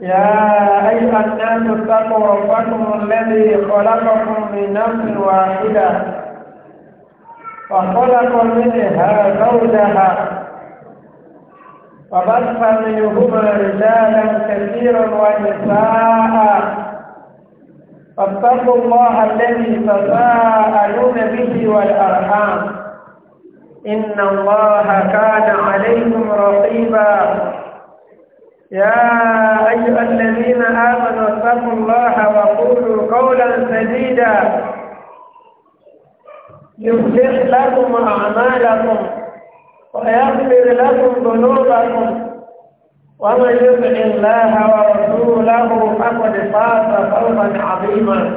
يا أيها الناس اتقوا ربكم الذي خلقكم من نفس واحدة وخلق منها زوجها وبث منهما رجالا كثيرا ونساء فاتقوا الله الذي تساءلون به والأرحام إن الله كان عليكم رقيبا يا أيها الذين آمنوا اتقوا الله وقولوا قولا سديدا يصلح لكم أعمالكم ويغفر لكم ذنوبكم ومن يطع الله ورسوله فقد فاز فوزا عظيما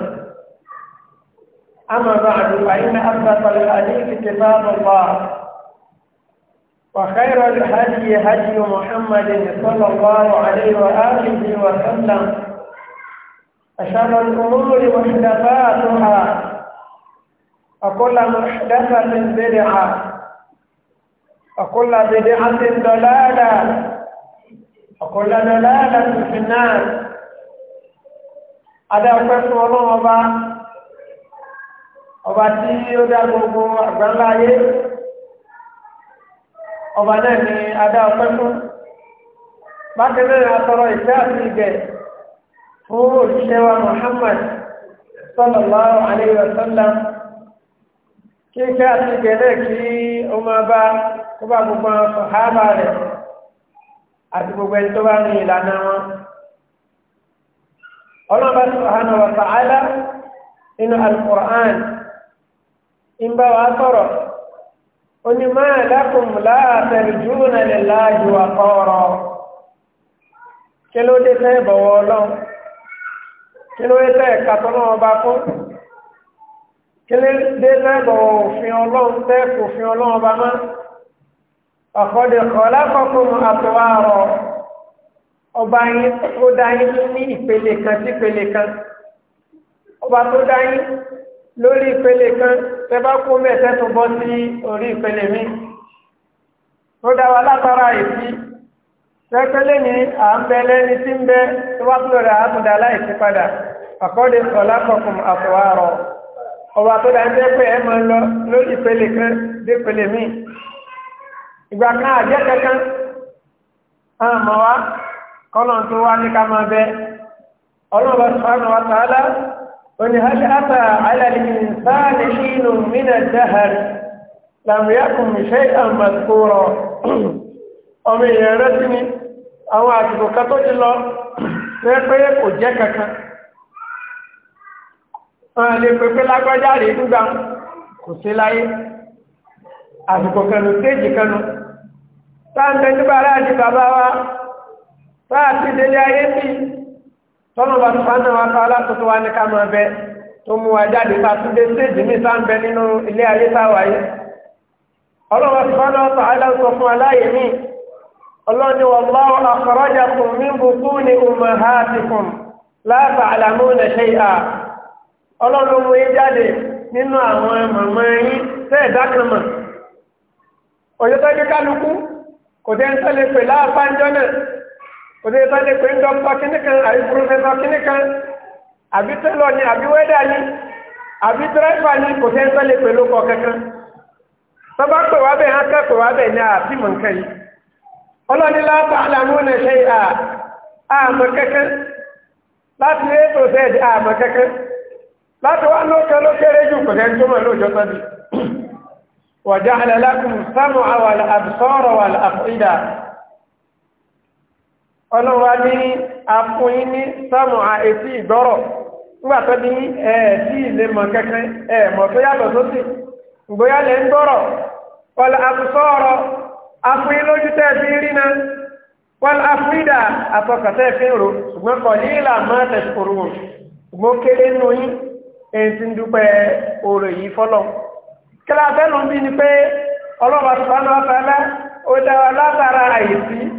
أما بعد فإن أصدق الحديث كتاب الله وخير الهدي هدي محمد صلى الله عليه وآله وسلم أشر الأمور محدثاتها وكل محدثة بدعة وكل بدعة ضلالة وكل ضلالة في النار هذا قسم الله وبعد وبعد تيجي يدعو gbogbo ọba náà ni adá ọpẹ́ fún bákan náà atọrọ ìfẹ́ àti ìgẹ̀ fún òṣìṣẹ́ wa Muhammad sallallahu alayhi wa sallam kí ìfẹ́ àti ìgẹ̀ náà kí ó máa bá kó bá gbogbo àwọn sọhábà rẹ̀ àti gbogbo ẹni tó bá ní ìlànà wọn ọlọ́ba subhanahu wa ta'ala inú al-Qur'an ń bá sọ̀rọ̀ oni máa lakum la tarjuna lillahi waqara kí ló dé fẹ́ bọ̀wọ̀ ọlọ́run kí ló dé fẹ́ kàtọ́ náà bá fún kí ló dé fẹ́ bọ̀wọ̀ òfin ọlọ́run tẹ́ kò fi ọlọ́run bá má ọ̀kọ́dé kọ́lá kọ́kùn àtọwárọ̀ ọba yín tó dá yín ní ìpele kan sí ìpele kan ọba tó dá yín lórí ìpele kan. tẹ bá kó bẹ́ẹ̀ tẹ́tù bọ́ sí orí ìpele mi ó látara ìsí tẹ́pẹ́lẹ́ ni à ń bẹ lẹ́ni tí ń bẹ tó wá kúrò rẹ̀ àtúndà láìsí padà àkọ́dé sọ̀lá kọkùn tó dáa pé ẹ lọ lórí ìpele kan dé kan àjẹ́ kankan àwọn ọmọ wa kọ́nà tó wá ní ká máa bẹ ọlọ́run wa قل هل أتى على الإنسان حين من الدهر لم يكن شيئا مذكورا ọmọ èèyàn rántí ni àwọn àsìkò kan tó ti lọ pẹ́pẹ́ kò jẹ́ kankan wọn lè pẹ́pẹ́ lágbájá rè dúgbà kò sí láyé àsìkò kanu téèjì kanu táǹtẹ̀ nígbà láti bàbá wa táà ti délé ayé sí tọ́nà bá sùpánà wa kọ́ alákòóso wa ní ká máa bẹ tó mú wa jáde ká tún dé séèjì mi sá ń bẹ nínú ilé ayé táwa yìí ọlọ́wọ́ sùpánà wa sọ aláǹsọ fún aláyè mi ọlọ́ni wọn bá wọn àkọ́rọ́jà fún mi bùkú ni ọmọ ha ti fún láàbà àlàmú nà ṣe à ọlọ́run mú yín jáde nínú àwọn màmá yín tẹ́ ẹ̀dá kan mọ̀ òyìnbó ẹni kálukú kò dé ń ṣẹlẹ̀ pè láàbá ń jọ náà òde bá lè pé ń dọ́kítọ́ kínní kan àbí pírọfẹ́sọ kínní kan àbí tẹ́lọ̀ ni àbí wẹ́dà ni àbí dírẹ́fà ni kò tẹ́ ń tọ́ lè pè lóko kankan tó bá pè wá bẹ́ẹ̀ hàn ká pè wá bẹ́ẹ̀ ní àbí mọ̀ yìí ọlọ́ni láti àlàmú nà ṣe àmọ̀ kankan láti lè tó sẹ́ẹ̀dì àmọ̀ kankan láti wá lókè lókèrè jù kò tẹ́ tó mọ̀ lóòjọ́ tọ́bi wàjà àlàlákùn sámù àwọn àbùsọ̀rọ̀ wà àfọ̀ ìdá ọlọ́wà ní afúnyín ní sámù àìsí ìgbọ́rọ̀ nígbà tó ní ẹ̀ẹ́dì ilé mọ̀ kẹ́kẹ́ ẹ̀ẹ́mọ̀ tó yàtọ̀ sósì ìgbóyà lè ń gbọ́rọ̀ wọ́n afúsọ́ọ̀rọ̀ afúnyín lójú na wọ́n afúnyídà ni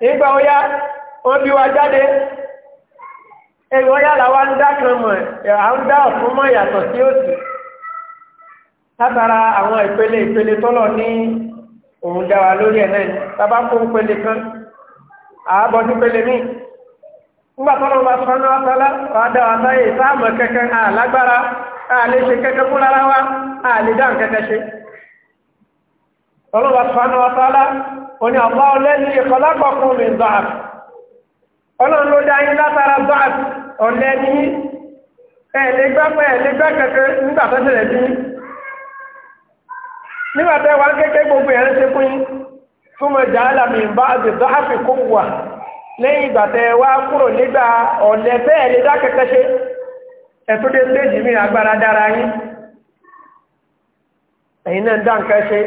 nígbà ọya, wọ́n bí wa jáde ẹ̀rọ ọ̀yá làwa ń dá kan mọ̀ à ń dá ọ̀fun mọ̀ yàtọ̀ sí òsì látara àwọn ìpele ìpele tọ́lọ̀ ní òun dá wa lórí ẹ̀ náà ni bàbá kó ń pele kan pele míì nígbà tọ́lọ̀ bá sọ́nà wàá dá wa sáàmù àlágbára fún wa ṣe tọ́lọ̀ bá sọ́nà oní ọ̀pá ọlẹ́ni ìkọlápọ̀kún mi zọ́àf ọlọ́run ló dáyé látara zọ́àf ọlẹ́ni ẹ̀ẹ́dẹ́gbẹ́pẹ́ ẹ̀ẹ́dẹ́gbẹ́ wá gbogbo ẹ̀rẹ́ ṣe fún mi bá zọ́àf kó wà lẹ́yìn kúrò nígbà ọ̀lẹ́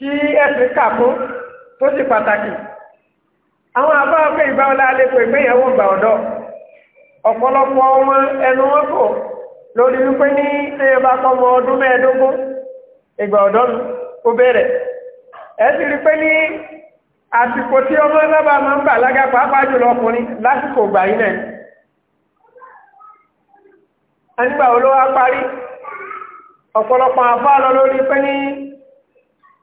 tí ẹ̀sìn kà fún tó sì pàtàkì àwọn àbá pé ìgbà ọlá alẹ́ pé ìgbéyàwó gbà ọ̀dọ́ ọ̀pọ̀lọpọ̀ wọn ẹnu wọn kò lórí wípé ní ṣé ẹ bá kọ́ ọmọ ọdún mẹ́ẹ̀ẹ́dógún ìgbà ọ̀dọ́ nu ó bẹ̀rẹ̀ ẹ sì rí pé ní àsìkò tí ọmọ sábà máa ń bà lága pàápàá jùlọ ọkùnrin lásìkò gbà yín náà anígbà wo ló wá parí ọ̀pọ̀lọpọ̀ àbá lọ lórí pé ní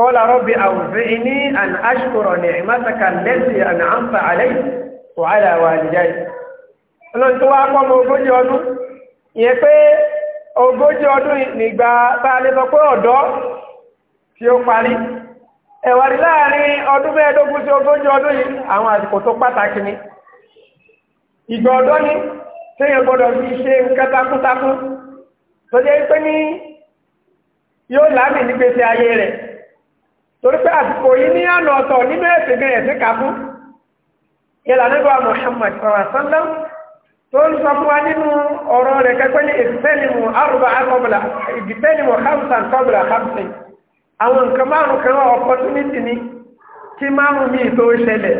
kọ́lá rọ́bì awzi'ni an ashkura ni'mataka allati an'amta alayya wa ala walidayya. ọlọ́run tó wá kọ́ mọ ogójì ọdún ìyẹn pé ogójì ọdún nígbà bá a lè sọ pé ọ̀dọ́ tí ó parí ẹ̀wàrí láàrin ọdún mẹ́ẹ̀ẹ́dógún sí ogójì ọdún yìí àwọn àsìkò tó pàtàkì ni ìgbà ọ̀dọ́ ni téèyàn gbọ́dọ̀ fi ṣe nǹkan takuntakun tó jẹ́ pé ní yóò lámì nígbèsè ayé rẹ̀ torí pé àsìkò yìí ní àná ọ̀tọ̀ nínú ẹ̀sìn gan ẹ̀sìn kà fún ìlànà ìgbà Muhammad sọ̀rọ̀ sọ́ndọ́ tó ń sọ fún wa nínú ọ̀rọ̀ rẹ̀ kẹ́kẹ́ ní ìdìtẹ́nìmù hamsan hamsin àwọn nǹkan márùn kan opportunity ni kí márùn mi tó ṣẹlẹ̀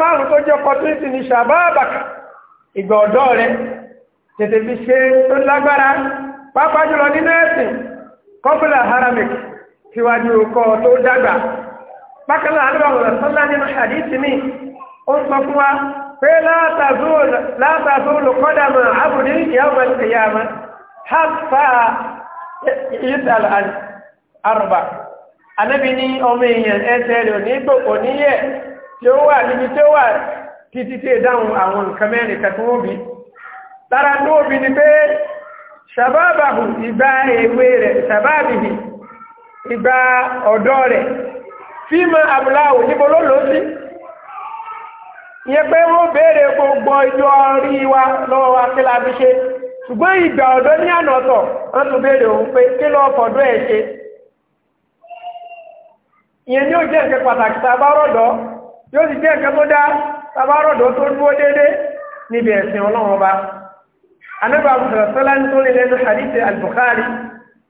márùn tó jẹ́ opportunity ni ìgbà ọ̀dọ́ rẹ̀ tètè fi ṣe tó síwájú ọkọ tó dàgbà bákan náà àdúrà ọ̀rọ̀ sọ́lá nínú àdìsí mi ó sọ fún wa pé látàzó lùkọ́dàmọ̀ àbùdí ìyàwó ìyàmọ̀ hàfà ìyítàlá àrùbà anábì ní ọmọ èèyàn ẹsẹ̀ rẹ̀ ní gbòkò níyẹ̀ tí ó wà níbi tí ó wà títí tí ìdáhùn ìgbà ọ̀dọ́ rẹ̀ fíìmù abúláwò níbo ló lò sí ìyẹn pé wọ́n béèrè gbogbo ìjọ rí wa lọ́wọ́ wa kí la fi ṣe ṣùgbọ́n ìgbà ọ̀dọ́ ní àná ọ̀tọ̀ wọ́n tún béèrè òun pé kí lọ́ọ́ fọ̀dọ́ ẹ̀ ṣe ìyẹn ní ó jẹ́ nǹkan pàtàkì tabarọ́dọ̀ yóò sì jẹ́ nǹkan tó dá tabarọ́dọ̀ tó dúró déédé níbi ẹ̀sìn ọlọ́run ọba anábàbùsọ̀rọ̀ sọ́lá nítorí lẹ́nu hadith al-Bukhari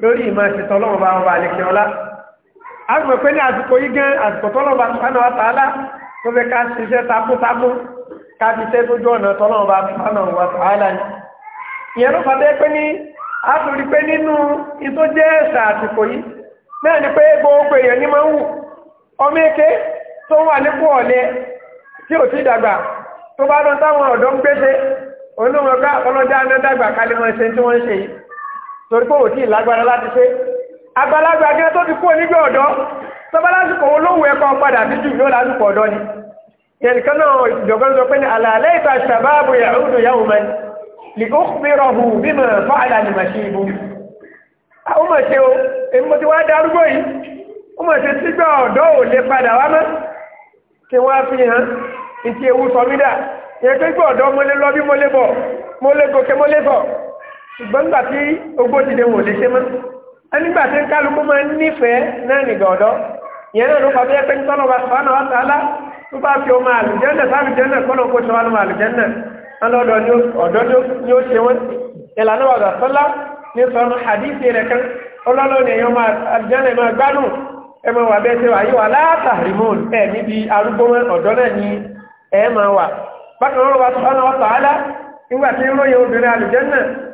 lórí ìmọ̀ ìṣẹ̀tọ́ ọlọ́run ọba wọn bá lè kí ọlá a mọ̀ pé ní àsìkò yìí gan àsìkò tọ́lọ́run bá sùpánà wàtàlá tó fẹ́ ká ṣiṣẹ́ takuntakú ká fi ṣe ọ̀nà tọ́lọ́run bá sùpánà ni ìyẹn ló pé ní a tó rí pé nínú ìtó jẹ́ ẹ̀sà àsìkò náà ni pé gbogbo èèyàn ní máa ń wù torí pé òtí ìlágbára láti ṣe àgbàlagbà gẹ́gẹ́ tó ti kú onígbé ọ̀dọ́ tọ́bálásìkò olówó ẹ̀kọ́ padà sí jù lọ́la lùpọ̀ ọ̀dọ́ ni ẹnìkan náà ìjọ̀gbọ́n sọ pé ní ewu sọmídà ìyẹn pé gbọ́ ọ̀dọ́ mo lọ bí mo bọ̀ mo gòkè mo bọ̀ ṣùgbọ́n nígbà tí ogbó ti dé wọn ò lè ṣe mọ́ nígbà tí kálukú máa ń nífẹ̀ẹ́ náà nìgbà ọ̀dọ́ ìyẹn náà ló fà bí ẹgbẹ́ nítorí ọba sọ́nà wa sàálà tó bá fi ọmọ àlùjẹ́nà sáàlùjẹ́nà kọ́nà kó ṣe wá àlùjẹ́nà ọlọ́dọ̀ ọ̀dọ́ ni ó ṣe wọ́n ìlànà wà sọ́lá ní sọ́nà àdìsí rẹ̀ kan ọlọ́lọ́ ni èèyàn àlùjẹ́nà máa gbádùn ẹ máa wà bẹ́ẹ̀ ṣe wà yíwà látàrímọ́n ẹ̀ níbi arúgbó ọ̀dọ́ náà ni ẹ máa wà bákan náà wà sọ́nà wa sàálà nígbà tí ń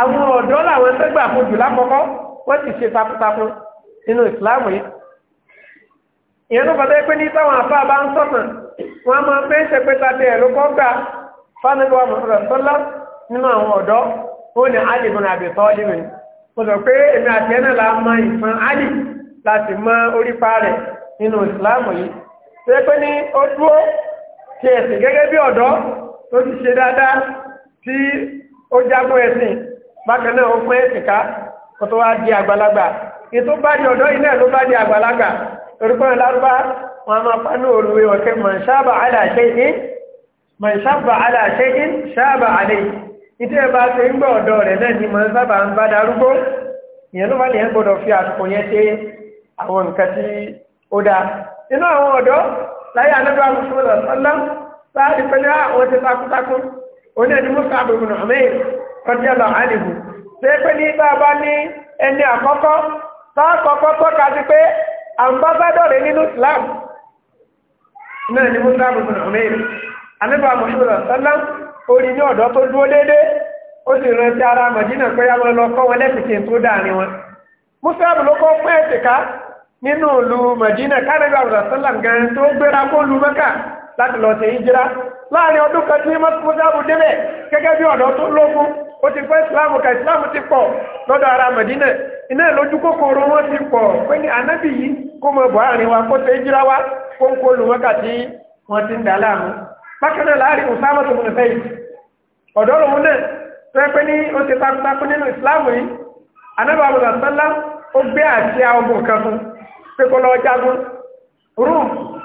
àwọn ọ̀dọ́ làwọn ẹgbẹ́ gbà fún jù lákọ̀ọ́kọ́ wọ́n ti ṣe takuntakun nínú ìsìláàmù yìí ìyẹn ló kọjá pé ní táwọn afá bá ń sọ̀nà wọn máa fẹ́ ṣe pé tàbí ẹ̀rọ kọ́ gbà fánilọ́ sọ́lá nínú àwọn ọ̀dọ́ ó ní Ali ibn Abi Talib mo sọ pé èmi àti la mọ ìfọn Ali láti mọ orípa rẹ̀ nínú ìsìláàmù yìí ṣe pé ní ó dúró ti ẹ̀sìn gẹ́gẹ́ ti ṣe dáadáa tí ẹ̀sìn bákan náà ó pé ìka kó tó wá di àgbàlagbà ètò bá di ọ̀dọ́ yìí ló bá di àgbàlagbà torí pé wọn a máa pánú olùwé ọ̀kẹ́ man ala shay'in man ala shay'in shaba alayhi ìdí ẹ̀ bá ṣe ń gbọ́ ọ̀dọ́ rẹ̀ náà ni man sábà ń bá darúgbó ìyẹn ló bá lè ń gbọ́dọ̀ fi àsìkò yẹn ṣe àwọn nǹkan tí ó dáa inú àwọn ọ̀dọ́ láyé anábíà mùsùlùmí lọ́sọ́lá láti pẹ̀lú àwọn ah, ti takuntakun oní ẹni mùsùlùmí àbùkù nàmẹ́yìn kọjá lọ tí ṣé pé ní bá bá ní ẹni àkọ́kọ́ tá àkọ́kọ́ tọ́ka sí pé àǹbábádọ̀ nínú Islam náà ni musa ọmọ ọ̀mẹ́rì anábà mọ̀ṣúlọ̀ sọ́lá orí ní ọ̀dọ́ tó dúó dédé ó sì rántí ara mọ̀dínà pé yá wọn lọ kọ́ wọn lẹ́sìkì tó dáàrin wọn ló kọ́ ẹ̀sìká láti lọ sí ìjírá láàrin ọdún kan tí mọ́sáàbù débẹ̀ gẹ́gẹ́ bí ọ̀dọ́ tó lógún ó ti pẹ́ ìsìláàmù ka ìsìláàmù ti pọ̀ lọ́dọ̀ ara Mẹ̀dínà iná lójú kòkòrò wọn ti pọ̀ pé ní anábì yìí kó mọ bọ̀ wa kó ṣe ìjírá wa kó ń kó olùmọ́kà tí wọ́n ti ń dà láàmú bákan náà láàrin Usama tó múlẹ̀ fẹ́yì ọ̀dọ́ lòun náà tó yẹ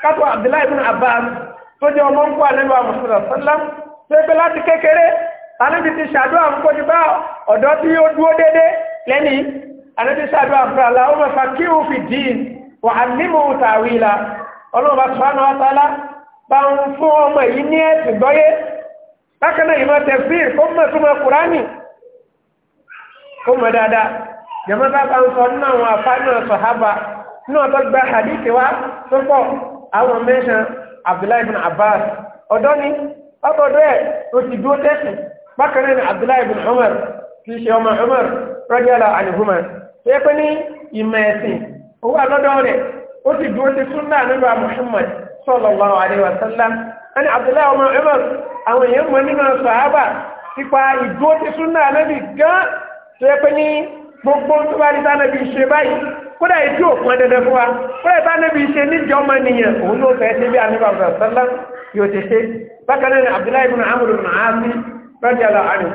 kátó abdullahi bin abbas tó jẹ́ ọmọ ń kó ànábì wa mùsùlùmí sọ́lám tó ẹgbẹ́ láti kékeré ànábì ti ṣàdúrà ń kó ti bá ọ̀dọ́ tí ó dúró dédé lẹ́ni ànábì ṣàdúrà fún àlá ó mọ̀fà sọ nínú àwọn àfáàní ọ̀sọ̀ hábà nínú ọ̀tọ́ gba àdìsí tó pọ̀ àwọn mẹ́sàn abdullahi bin abbas ọ̀dọ́ ni ọgbọ̀dọ́ ẹ̀ tó ti dúó tẹ́sùn bákanáà ni abdullahi bin umar kìí ṣe ọmọ umar rọ́díọ́lá àlùhùmá ṣe pé ní ìmọ̀ ẹ̀sìn owó alọ́dọ́ rẹ̀ ó ti dúó ti súnà nínú muhammad sallallahu alaihi wasallam ẹni abdullahi ọmọ umar àwọn èèyàn mọ̀ nínú sàábà ipa ìdúó ti súnà náà bì gán ṣe pé ní kódà ètí òpin dandan fún wa kódà ìbá níbi iṣẹ́ níjọ́ ọmọ ènìyàn òun ló fẹ́ ṣe bí anábà sọ́lá yóò ti ṣe bákan náà Abdullahi ibn Amr ibn Aasi rọ́jà lọ àrùn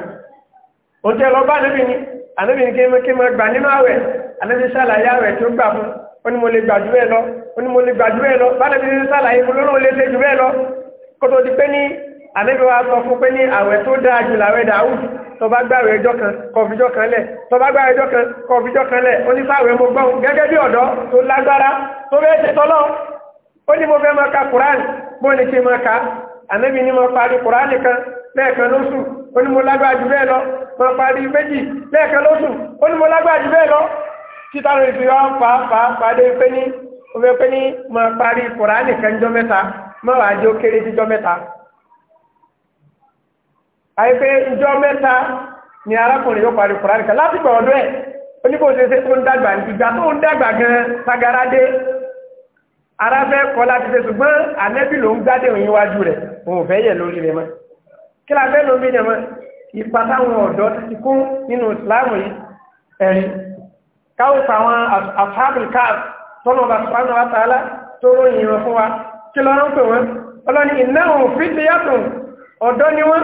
òun tẹ lọ bá níbi ni ànábì ní kí n máa gbà nínú àwẹ̀ ànábì ṣàlàyé àwẹ̀ tó gbà fún ó ní mo lè gbà jù bẹ́ẹ̀ lọ ó ní mo lè gbà jù bẹ́ẹ̀ lọ bá níbi ní ṣàlàyé mo lọ́nà ó lè lè jù bẹ́ẹ̀ lọ kótó ti pé ní ànábì wa sọ fún pé ní àwẹ̀ tó dáa jù làwẹ̀ Dawud tó bá gbàwé ọjọ́ kan kọfíjọ́ kan lẹ̀ tó bá gbàwé ọjọ́ kan kọfíjọ́ kan lẹ̀ ó ní sáwẹ̀ mo gbọ́n gẹ́gẹ́ bí ọ̀dọ́ tó lágbára tó bẹ́ẹ̀ ti tọ́lọ́ ó ní mo fẹ́ máa ka Quran bó ni kí n máa ka ànábì ni mo parí Quran kan lẹ́ẹ̀kan lóṣù ó ní mo lágbára jù bẹ́ẹ̀ lọ mo parí méjì lẹ́ẹ̀kan lóṣù àyíké ìjọ mẹ́ta ni arákùnrin yóò parí kùránì kan láti gbọ̀ ọdún ẹ̀ oníkó ṣe ṣe tó ń dàgbà ìgbà tó ń dàgbà gan sagaradé ara fẹ́ kọ́ láti ṣe ṣùgbọ́n ànẹ́bí ló ń gbádé òyìn iwájú rẹ̀ òun ò fẹ́ yẹ̀ lórí rẹ̀ mọ́ kí la fẹ́ lómi rẹ̀ mọ́ ipa táwọn ọ̀dọ́ ti kún nínú ìsìláàmù yìí ẹ̀rí káwọn àwọn àfáàbùl káàf tọ́nà ọba wa tààlà tó ròyìn wọn fún wa kí lọ́rọ́ ń pè wọ́n ọlọ́ni ọ̀dọ́ ni wọ́n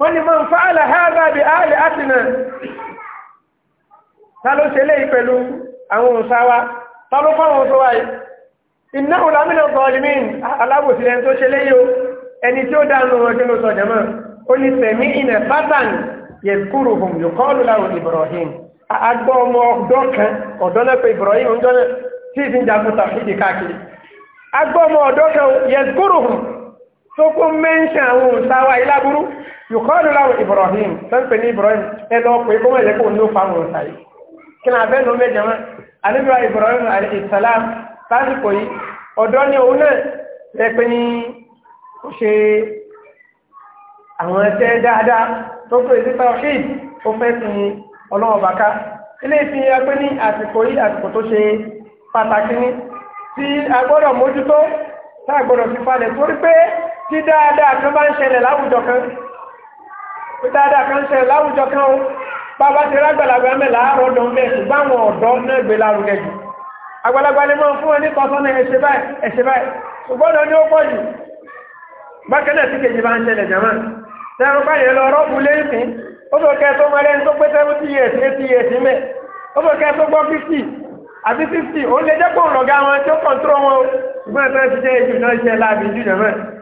wọ́n ni man fa'ala hadha bi alihatina ta ló ṣe léyìí pẹ̀lú àwọn òṣàwá ta ló fáwọn òṣàwá yìí iná òlàmínà zalimin alábòsílẹ̀ tó ṣe léyìí o ẹni tí ó dánú wọn kí ló sọ jẹ́mọ́ ó ní sẹ̀mí ìnà sátán yadhkuruhum tó kó mẹ́ńṣẹ̀ àwọn òǹsáwà iláburú yòkọ́lù láwọn Ibrahim tọ́pẹ̀ ní Ibrahim ẹlọ pé kó mẹ́lẹ̀ kó ní ó fa àwọn òǹsáyé kí náà bẹ́ẹ̀ ló mẹ́jọ mọ́ alẹ́bíwá Ibrahim alẹ́sàlám lásìkò yìí ọ̀dọ́ ni òun náà rẹ pé ní ó ṣe àwọn ẹsẹ̀ dáadáa tó pé sí tawhid ó fẹ́ sin ọlọ́wọ́ bàká ilé ìfihàn pé ní àsìkò yìí àsìkò tó ṣe pàtàkì ní tí a gbọ́dọ̀ mójútó tá a gbọ́dọ̀ fi falẹ̀ torí pé tí dáadáa kan bá ń ṣẹlẹ̀ láwùjọ kan tí dáadáa kan ń ṣẹlẹ̀ láwùjọ kan o bàbá ti rágbàlagbà mẹ́ láàárọ̀ ọdún mẹ́ ṣùgbọ́n ọ̀dọ́ náà gbé lárugẹ jù àgbàlagbà ni wọ́n fún ẹni kọ́sọ́ ní ẹ̀ṣẹ̀ báyìí ẹ̀ṣẹ̀ báyìí ṣùgbọ́n ọdún ó pọ̀ jù bákan náà tí kejì bá ń ṣẹlẹ̀ jàmá tẹ́rù báyìí lọ rọ́ọ̀bù lẹ́sìn ó tó kẹ́ tó mọ́lẹ́ ní tó pé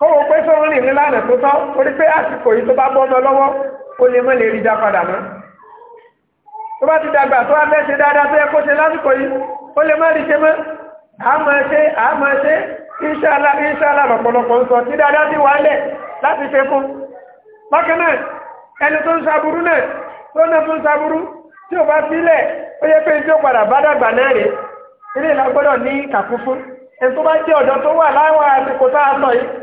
kọ́wọ́ pé sọ́run lè ní lánàá tó tọ́ torí pé àsìkò yìí tó bá bọ́ ọmọ lọ́wọ́ ó lè mọ́ lè rí já padà mọ́ tó bá ti dàgbà tó wá fẹ́ dáadáa tó yẹ kó ṣe lásìkò yìí ó lè má rí ṣe mọ́ àmọ́ ṣe àmọ́ ṣe ìṣàlá ìṣàlá lọ̀pọ̀lọpọ̀ ń sọ tí dáadáa ti wà láti ṣe fún bákan náà ẹni tó ń ṣaburú náà tó náà tó ń ṣaburú tí ò bá sílẹ̀ ó yẹ pé tí ó padà a sọ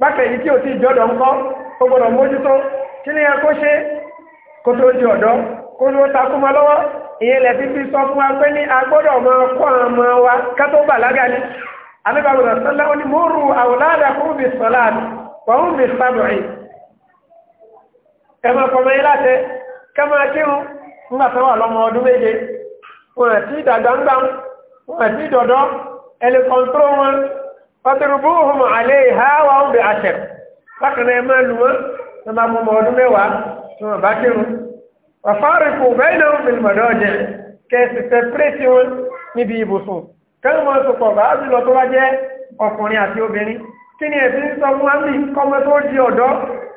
bákan èyí tí ò ti jọ́dọ̀ ń kọ́ ó gbọ́dọ̀ mójútó kí ni ẹkọ́ ṣe kó tó di ọ̀dọ́ kó ló takú mọ́ lọ́wọ́ ìyẹn lẹ̀ fífi sọ fún wa pé ní a gbọ́dọ̀ máa kọ́ ọmọ wa ká tó bàlágà ni àbíbàbọ̀dọ̀ sọ́lá ó ní múrù àwòládà fún mi sọ́lá àti wọ́n mi sábọ̀rì ẹ máa fọmọ yín láti ká máa kírun nígbà tó wà lọ́mọ ọdún méje wọn àti ìdàgbàǹgbà wọn àti ìdọ̀dọ́ fàtẹ̀rùbùhùn àlẹ́ ìhà wà ń bẹ àṣẹ bákan ẹ máa lù wọ́n ẹ máa mọ ọmọ ọdún mẹ́wàá tí wọ́n bá kírun ọ̀fáàrí kò bẹ́ẹ̀ náà ń fi mọ̀dọ́ jẹ kẹsì sẹpẹ́rẹ́tì wọn níbi ibùsùn kẹ́hìn máa sọ̀kọ̀ bá bí lọ tó bá jẹ́ ọkùnrin àti obìnrin kí ni ẹ̀sìn sọ fún wámi kọ́mọ tó di ọ̀dọ́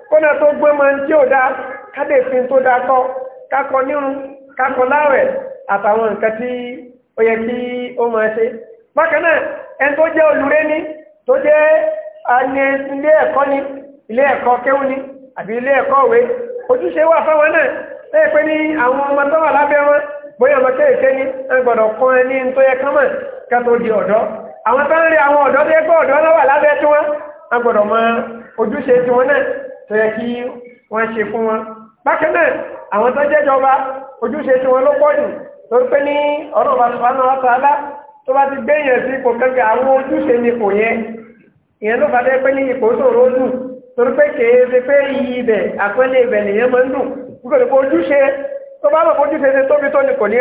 kọ́nà tó gbé máa ń tí ò dáa kádẹ́sìn tó dáa kọ́ kákọ nírun kákọ láwẹ̀ àtàwọn nǹkan tí ó yẹ kí ó máa ṣe bákan tó jẹ́ ani ilé ẹ̀kọ́ ni ilé ẹ̀kọ́ kéwú ni àbí ilé ẹ̀kọ́ òwe ojúṣe wà fáwọn náà lẹ́yìn pé ní àwọn ọmọ tó wà lábẹ́ wọn bóyá ọmọ kéèké ni ẹ gbọ́dọ̀ ẹni tó yẹ di ọ̀dọ́ àwọn tó ń rí àwọn ọ̀dọ́ tó yẹ pé ọ̀dọ́ náà lábẹ́ tí wọ́n á mọ ojúṣe tiwọn náà tó yẹ kí wọ́n ṣe fún wọn. bákan náà àwọn tó tó bá ti gbé yẹn sí ipò kẹkẹ àwọn ojúṣe ni kò yẹn ìyẹn ló fà dé pé ní ipò ṣòro dùn torí pé kèé ṣe pé iyì ibẹ̀ àpẹẹlẹ ibẹ̀ nìyẹn máa ń dùn nítorí pé ojúṣe tó bá mọ̀ ojúṣe ṣe tóbi tó ni kò ní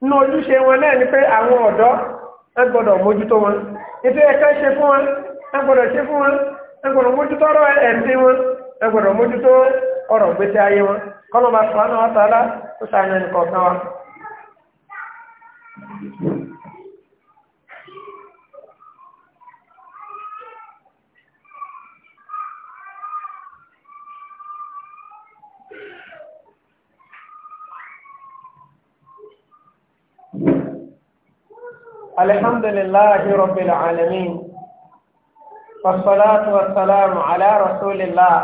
nínú ojúṣe wọn náà ni pé àwọn ọ̀dọ́ ẹ gbọ́dọ̀ mójútó wọn ètò ṣe fún wọn ẹ gbọ́dọ̀ ṣe fún wọn ẹ الحمد لله رب العالمين والصلاة والسلام على رسول الله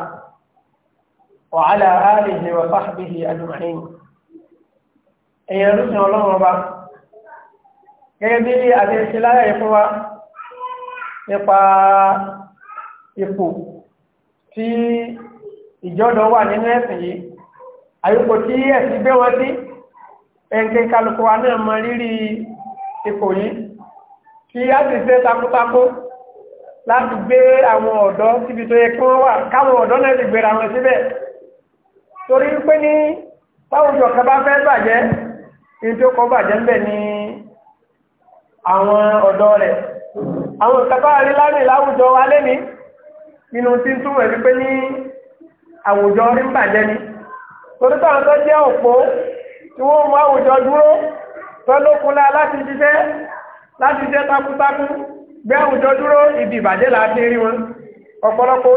وعلى آله وصحبه أجمعين أيها الأخوة sin gẹ́gẹ́ bí àtẹ́sí lára ẹ̀fún wa nípa ipò tí ìjọ́dọ̀ wà nínú ẹ̀sìn yìí àyíkò tí ẹ̀sìn gbé wọn sí ẹ̀ǹkẹ́ kálukú wa náà mọ rírì ipò yìí kí á sì ṣe takuntakó láti gbé àwọn ọ̀dọ́ síbi tó yẹ kí wọ́n wà káwọn ọ̀dọ́ náà ti gbéra wọn síbẹ̀ torí pé ní táwọn ìjọ̀kan bá fẹ́ bàjẹ́ ní tó kọ́ bàjẹ́ ń bẹ̀ ní àwọn ọ̀dọ́ rẹ̀ àwọn ìkàtọ́ àríláàrí láwùjọ wa lẹ́ni nínú tí ń túnwẹ̀ wípé ní àwùjọ rí ń bàjẹ́ ni torí táwọn tó jẹ́ òpó tí wọ́n mú àwùjọ dúró tó lókunlá láti jíṣẹ́ láti jẹ́ gbé àwùjọ dúró ibi ìbàjẹ́ láti rí wọn ọ̀pọ̀lọpọ̀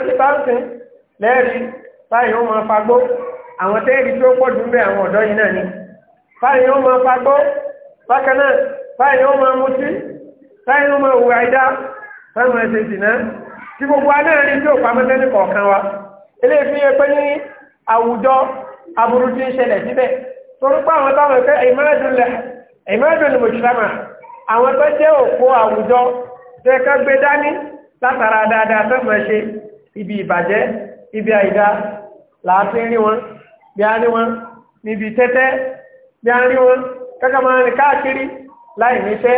báyìí ó máa mutí báyìí ó máa àìdá báyìí máa ṣe dìná tí gbogbo aná tí ò pamọ́ sẹ́ni kọ̀ọ̀kan wa eléyìí fi yẹ pé ní àwùjọ aburú ti ń ṣẹlẹ̀ síbẹ̀ àwọn táwọn àwọn tó jẹ́ òpó àwùjọ tẹ́ dání ibi ìbàjẹ́ ibi àìdá láàfin rí wọn bí a rí wọn níbi tẹ́tẹ́ bí a láì níṣẹ́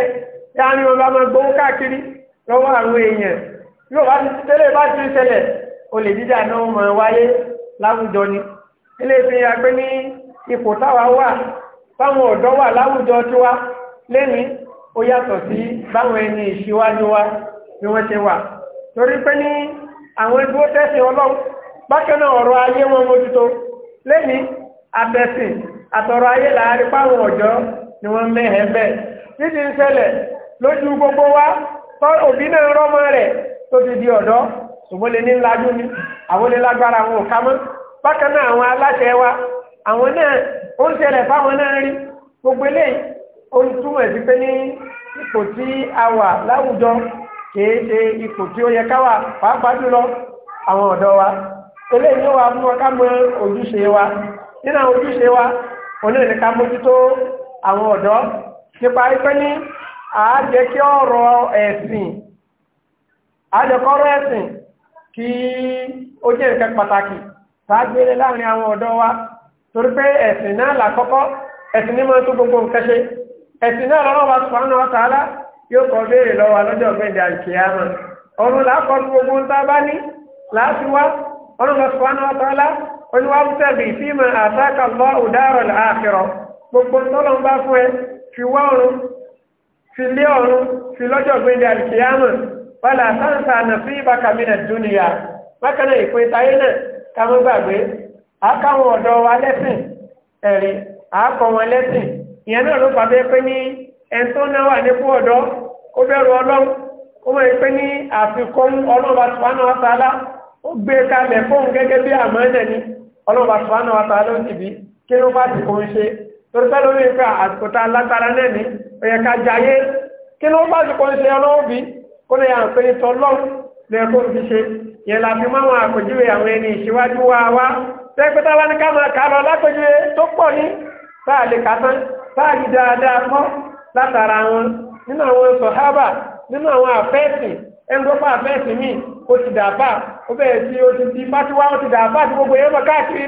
yá ni wọn bá máa káàkiri lọ́wọ́ àwọn èèyàn yóò bá ti tẹ́lẹ̀ bá ti ṣẹlẹ̀ olè jíjà náà ni eléyìí fi hàn ní ipò táwa wà ọ̀dọ́ wà láwùjọ lẹ́ni ó yàtọ̀ sí báwọn ẹni ìṣíwájú wa bí wọ́n ṣe wà torí pé ní àwọn ẹgbẹ́ tẹ́sí ọlọ́run bákan náà ọ̀rọ̀ títí ń ṣẹlẹ̀ lójú gbogbo wa tọ́ òbí náà rọ́mọ rẹ̀ tó ti di ọ̀dọ́ ṣùgbọ́n ní ni àwọn lè lágbára àwọn ò ká awọn bákan àwọn aláṣẹ wa àwọn náà ó ń ṣẹlẹ̀ fáwọn náà rí gbogbo eléyìí ó túmọ̀ sí pé ní ipò tí a wà láwùjọ kìí ṣe ipò tí ó yẹ wa eléyìí mọ ojúṣe wa nínú àwọn wa òun náà ní ká mójútó nípa ipẹ́ ní àájẹ́ kí ọ̀rọ̀ ẹ̀sìn àájẹ́kọ́rọ̀ ẹ̀sìn kí ó jẹ́ nǹkan pàtàkì sáágbélé láàrin àwọn ọ̀dọ́ wa torí pé ẹ̀sìn náà làkọ́kọ́ ẹ̀sìn ní mọ́tún gbogbo nǹkan ṣe ẹ̀sìn náà lọ́wọ́ wa subhanahu wa ta'ala yóò kọ́ béèrè lọ́wọ́ alọ́jọ́ gbẹ̀dẹ̀ àìkèyàmọ̀ ọ̀run làákọ́ gbogbo ń tá bá ní láti wá ọ̀run lọ subhanahu wa ta'ala oníwàbùsẹ̀bì fíìmù àtàkà lọ́ àkìrọ̀ gbogbo tọ́lọ́ ń bá fún ẹ fi wá ọ̀run fi lé ọ̀run fi lọ́jọ́ gbẹ́ndẹ̀ àlùkìyàmọ̀ wàlà sáǹsà àná fún ìbákamínà dúnìyà bákan ìpín táyé náà ká gbàgbé àkáwọn ọ̀dọ́ wa lẹ́sìn ẹ̀rí wọn lẹ́sìn ìyẹn náà ló fà bẹ́ẹ̀ pé ní ẹni tó náà wà nípò ọ̀dọ́ ó bẹ̀rù ọlọ́run ó mọ̀ pé ní àfikún wa ta'ala ó gbé ni torípẹ́ lórí ìfẹ́ àsìkò tá lágbára náà ní ẹ̀yẹ ká jayé kí ló bá ti kọ́ ṣe kó lè yàn pé ìtọ́ lọ́run fi ṣe yẹn la fi máwọn àpèjúwe àwọn ẹni ìṣíwájú wa wá tẹ́pẹ́ tá ní ká máa kà tó pọ̀ ní dáadáa mọ́ látara wọn nínú àwọn sọ̀hábà nínú àwọn àfẹ́ẹ̀sì àfẹ́ẹ̀sì míì ó ti dàbà ó bẹ̀rẹ̀ sí ó ti di fásiwá ó ti dàbà àti gbogbo ẹ̀rọ káàkiri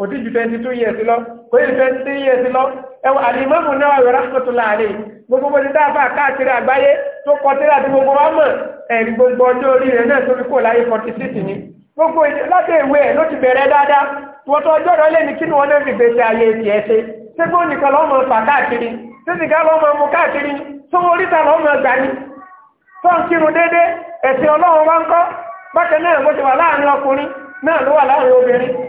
kò ju twenty two years lọ kò tí twenty three years lọ ẹwà àlìmọ́mù náà wẹ̀ rákòtòlá àlè gbogbo bó ti dáàbà káàkiri àgbáyé tó kọ tí láti gbogbo wa mọ̀ ẹ̀rí gbogbo ọjọ́ orí rẹ̀ náà tó fi kó láyé forty six ni gbogbo láti ìwé ẹ̀ ló ti bẹ̀rẹ̀ dáadáa wọ́n ọjọ́ rẹ̀ lé ní kí ni wọ́n náà fi gbèsè ayé tiẹ̀ ṣe ṣé gbóhùn nìkan lọ́mọ fà káàkiri ṣé nìka lọ́mọ mu káàkiri sówó oríta lọ́mọ gbà ní sọ́ǹkìrun déédéé ẹ̀sìn ọlọ́run wá ń kọ́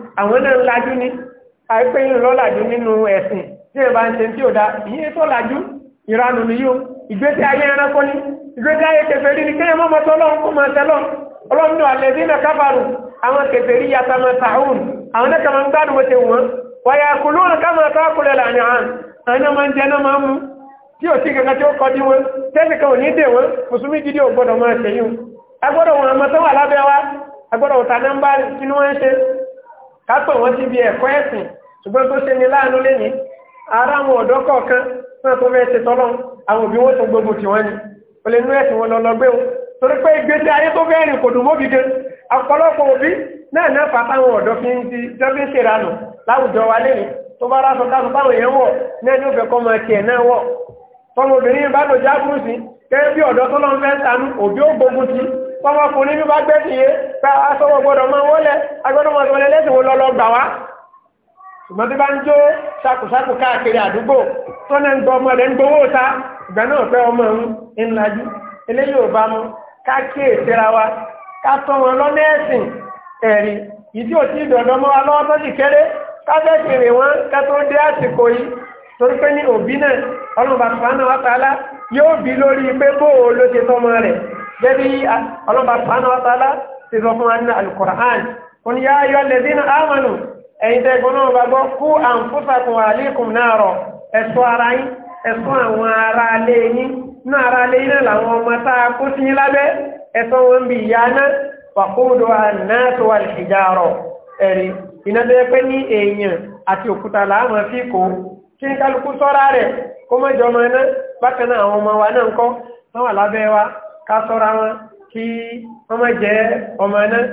àwọn náà ń lajú ní àìpéyìn lọ́làjú nínú ẹ̀sìn tí ẹ bá ń ṣe tí ò dá ìyẹn tó lajú ìranù ni yóò ìgbésí ayé ẹranko ni ìgbésí ayé kèfèrí ni kéèyàn mọ́mọ́ tó lọ́hùn kó máa tẹ́ lọ́hùn ọlọ́run ní alẹ́ bí náà kábàrù àwọn kèfèrí yàtọ̀ máa tàhùn àwọn náà kàmá ń gbádùn wọ́n ti wọ́n wàyà kùlù náà kàmá tó àkùlẹ̀ lànà hàn àwọn náà máa ń jẹ náà máa ń mú tí ò sí kankan tí ó kọjú wọn tẹ́sí agbọ́dọ̀ wọn àmọ́ lábẹ́ wa agbọ́dọ̀ wọn nọ́mbà kí ni wọ́n ń ṣe kápẹ̀ wọ́n ti bí ẹ̀kọ́ ẹ̀sìn ṣùgbọ́n tó ṣe ni láàánú lẹ́ni ara àwọn ọ̀dọ́ kọ̀ọ̀kan náà tó fẹ́ ṣe tọ́lọ́ àwọn òbí wọn tó gbogbo tí wọ́n ni ó lè nú ẹ̀sìn wọn lọ lọ gbé torí pé ìgbésí ayé tó fẹ́ rìn kò dùn mọ́ gidi ọ̀pọ̀lọpọ̀ òbí náà náà fàtà àwọn ọ̀dọ́ fi ń di jọ́bí wa lẹ́ni tó bá pọmọkùnrin bí bá gbẹ́sì yé pé aṣọ́wọ́ gbọ́dọ̀ máa wọlé agbọ́dọ̀ máa wọlé lẹ́sìn wo lọ́lọ́ gbà wá ṣùgbọ́n tí bá ń jó ṣàkùṣàkù káàkiri àdúgbò tó náà gbọ́ ọmọ rẹ̀ ń ta ìgbà náà pé ọmọ ń eléyìí ò bá wa ká tọ́ wọn ẹ̀rí ìdí òtí wa lọ́wọ́ tó kéré gẹ́bí ọlọ́ba sánà ọ̀tálá ti sọ fún àní alukọ̀rán kún yá yọ lẹ́dínà ámànù ẹ̀yìn tẹ́ gbọ́nà ọba gbọ́ kú àǹfúsàkùn àlékùn náà rọ̀ ẹ̀ṣọ́ ara yín ẹ̀ṣọ́ àwọn ará alẹ́ yín náà ará alẹ́ yín náà làwọn ọmọ tá a kó sí yín lábẹ́ ẹ̀ṣọ́ wọn bí ìyá náà wàkúndò ànáàtò àlìṣìjárọ̀ ẹ̀rí wọ́n wà lábẹ́ wa ká sọ́ra wọn kí wọ́n má jẹ́ ọmọ náà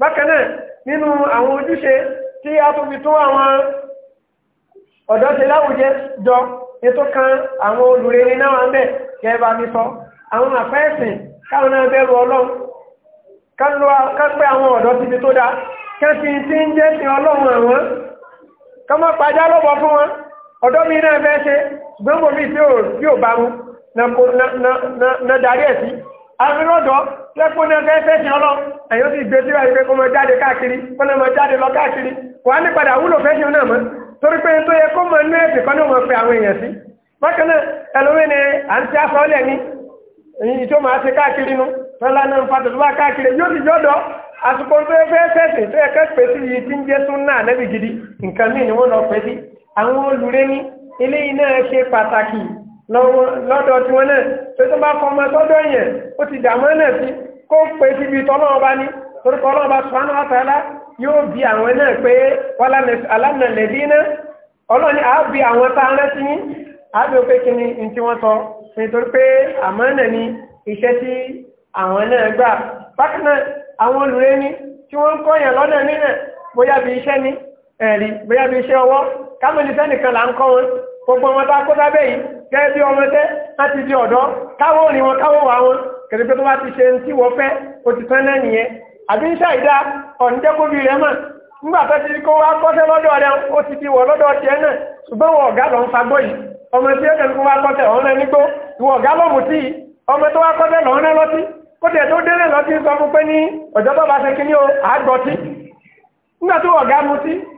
bákan náà nínú àwọn ojúṣe tí a tó fi tó àwọn ọ̀dọ́ ṣe láwùjẹ jọ ètò kan àwọn olùrere náà wà ń bẹ̀ kẹ́ bá mi sọ àwọn àfẹ́sìn káwọn náà bẹ̀rù ọlọ́run ká pé àwọn ọ̀dọ́ ti fi tó dáa kẹ́sì tí ń jẹ́ sí ọlọ́run àwọn kọmọ pàjá lọ́bọ̀ fún wọn ọ̀dọ́ mi náà fẹ́ ṣe gbọ́nbọ̀n mi na darí àfirọ́dọ̀ lẹ́kùn ní ọjọ́ ẹsẹ̀ ṣe ọlọ́ ẹ̀yọ́ sì gbé síra ìgbé kó mọ jáde káàkiri kó lè mọ jáde lọ káàkiri kò á ní padà wúlò fẹ́ ṣeun náà mọ́ torí pé ni à ń ti aṣọ ọlẹ̀ ní èyí tó máa ṣe káàkiri nu fẹ́lá náà ń fa tòtò bá káàkiri yóò sì jọ́dọ̀ àsìkò tó yẹ fẹ́ tó yẹ kẹ́pẹ́ sí tí ń jẹ́ sún náà lẹ́bi gidi nǹkan míì ni wọ́n lọ pẹ́ sí àwọn olùrẹ́ni eléyìí náà ṣe pàtàkì lọ́dọ̀ tiwọn náà pé tó bá fọmọ sọ́dọ̀ yẹn ó ti dààmú ẹ̀nà sí kó pé síbi tọ́lọ́ ọba ní torí kọ́ ọlọ́ọ̀ba sùpánù àtàlá yóò bi àwọn náà pé alánàlẹ́bí náà ọlọ́ọ̀ni àá àwọn tá a rántí ni ní tí wọ́n sọ nítorí pé ni iṣẹ́ tí àwọn náà gbà bákan náà àwọn olùrẹ́ ni tí wọ́n ń kọ́yàn lọ́nà nínà bóyá bí iṣẹ́ ni ẹ̀rí bóyá bí iṣẹ́ ọwọ́ kámẹ́lì fẹ́nìkan là ń kọ́ wọn gbogbo ọmọ tá kó sábẹ́ yìí gẹ́gẹ́ bí ọmọ láti di ọ̀dọ́ káwọ́ òní wọn káwọ́ wà wọn pé tó bá ti ṣe ń tí wọ́n fẹ́ o ti tán náà nìyẹn àbí ń ṣàìdá ọ̀nìjẹ́kóbi rẹ̀ mọ̀ nígbà tó ti kó wá lọ́dọ̀ rẹ̀ ó ti ti wọ̀ lọ́dọ̀ náà ṣùgbọ́n ọ̀gá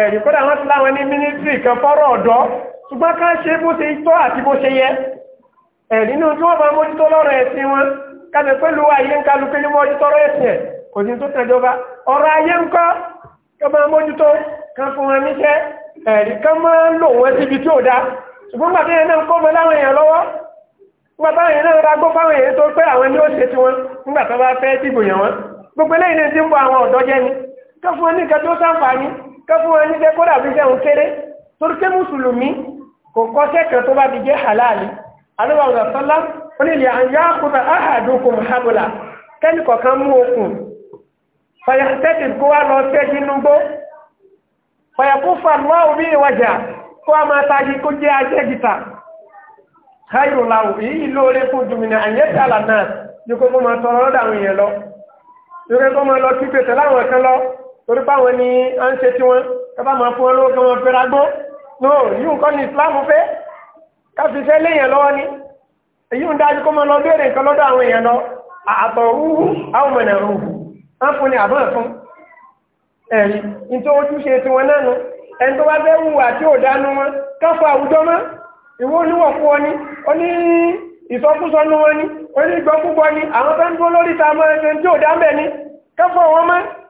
ẹ̀rí kọ́dà wọ́n ti láwọn ní mínísírì kan fọ́rọ̀ ọ̀dọ́ ṣùgbọ́n ká ṣe bó ṣe tọ́ àti bó ṣe yẹ ẹ̀rí nínú tí wọ́n máa mójútó lọ́rọ̀ ẹ̀sìn wọn kájẹ pé lu ayé ń kálukú ní mójútó lọ́rọ̀ ẹ̀sìn ẹ̀ kò sí tó tẹ̀jọba ọ̀rọ̀ ayé ń kọ́ kí wọ́n máa mójútó kan fún wọn níṣẹ́ ẹ̀rí kan máa ń lò wọ́n síbi tí ò da ṣùgbọ́n gbàtí yẹn náà kọ́ mọ láwọn èèyàn lọ́wọ́ gbàtí yẹn náà ragbó fáwọn èèyàn tó pé àwọn ni ó ṣe tiwọn nígbà tó bá fẹ́ dìbò yàn wọn gbogbo eléyìí ní ti ń bọ àwọn ọ̀dọ́ jẹ́ ni kí fún wọn ní nǹkan tó ká fún wọn níbẹ̀ kó dàbí jẹun kéré torí pé kò kọ́ sẹ́kẹ̀ tó bá fi jẹ́ halali alóba ọ̀gá sọ́lá ó nílẹ̀ àyà kúta ahadukum habla kẹ́ni kọ̀ọ̀kan mú okùn fàyàtẹ́tì kó wá lọ sẹ́jì núgbó fàyàkúfà lọ́wọ́ bí ìwàjà kó a máa tají kó jẹ́ ajẹ́gìta káyọ̀láwò èyí lóore fún jùmìnà àyẹ́tàlà náà yóò kó máa tọrọ lọ́dà àwọn èèyàn lọ yóò kó máa lọ sí pèsè láwọn kan lọ torí báwọn ni a ń ṣe tí wọn kábà máa fún wọn lówó kan wọn fẹ́ra gbó no yíò nǹkan ní Islam fẹ́ káfíṣẹ́ léèyàn lọ́wọ́ ni èyí ń dájú kó máa lọ béèrè nǹkan lọ́dọ̀ àwọn èèyàn lọ àtọ̀ rúhu àwọn mọ̀nà rúhu wọ́n fún ni àbọ̀n fún ẹ̀rí nítorí ojúṣe tiwọn náà nu ẹni tó bá fẹ́ hùwà tí ò dánú wọn káfọ àwùjọ mọ́ ìwọ oníwọ̀kú wọn ni ó ní ìsọkúsọ nu wọn ni ó ní ìgbọ́kúgbọ́ ni àwọn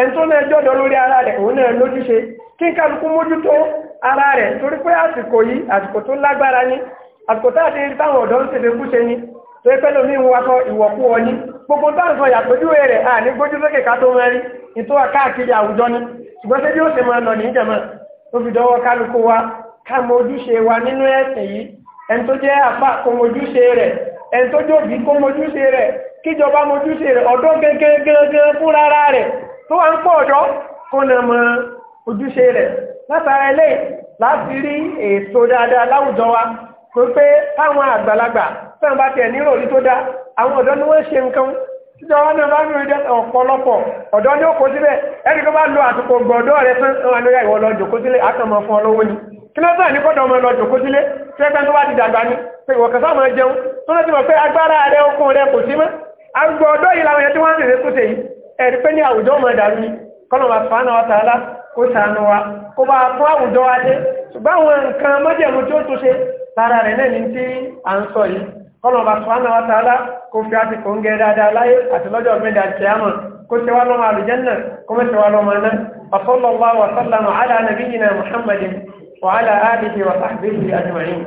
ẹni tó náà jọ́dọ̀ lórí ara rẹ̀ òun náà lójúṣe kí kálukú mójútó ara rẹ̀ torí pé àsìkò yìí àsìkò tó lágbára ní àsìkò tá àti ọ̀dọ́ ń ṣe fẹ́kú ṣe ni tó ẹ pẹ́lú mi ń wakọ ìwọ̀kú ọ ní gbogbo táǹsọ̀ yàtọ̀júwe rẹ̀ à ní gbójú lókè ká tó mẹ́rin ìtọ́ káàkiri àwùjọ ni ṣùgbọ́n wa ká mojúṣe wa nínú ẹ̀sìn yìí ẹni tó jẹ́ àfà kó mojúṣe rẹ̀ ẹni tó jòbí kó tó wà ń pọ̀ ọ̀dọ́ kó nà mọ ojúṣe rẹ̀ látara ilé láti rí èso dáadáa láwùjọ wa pé pé táwọn àgbàlagbà táwọn bá tiẹ̀ nírò orí tó dá àwọn ọ̀dọ́ ni wọ́n ṣe nǹkan ó síbẹ̀ lo àtòkò rẹ fún ìwọ lọ jòkó àtọmọ fún ọlọ́wọ́ ni kí ló ní kọ́dọ̀ ọmọ lọ jòkó sílé tó bá ti dàgbà ẹ̀rí pé ní àwùjọ ọmọ ìdàrú ni kọ́nà fàánà wátàálá kó sàánú wa kó bá fún àwùjọ wa dé ṣùgbọ́n àwọn nǹkan mọ́jẹ̀mú tí ó tún ṣe lára rẹ̀ náà ní tí à ń sọ yìí kọ́nà fàánà wátàálá kó fi àti kò ń gẹ dáadáa láyé àti lọ́jọ́ mẹ́ta àti àmọ́ kó ṣe wá lọ́mọ àlùjànnà kó mẹ́ ṣe wá lọ́mọ náà ọ̀sọ́lọ́wọ́ wa sallama ala nabiyyina muhammadin wa ala alihi wa sahbihi ajma'in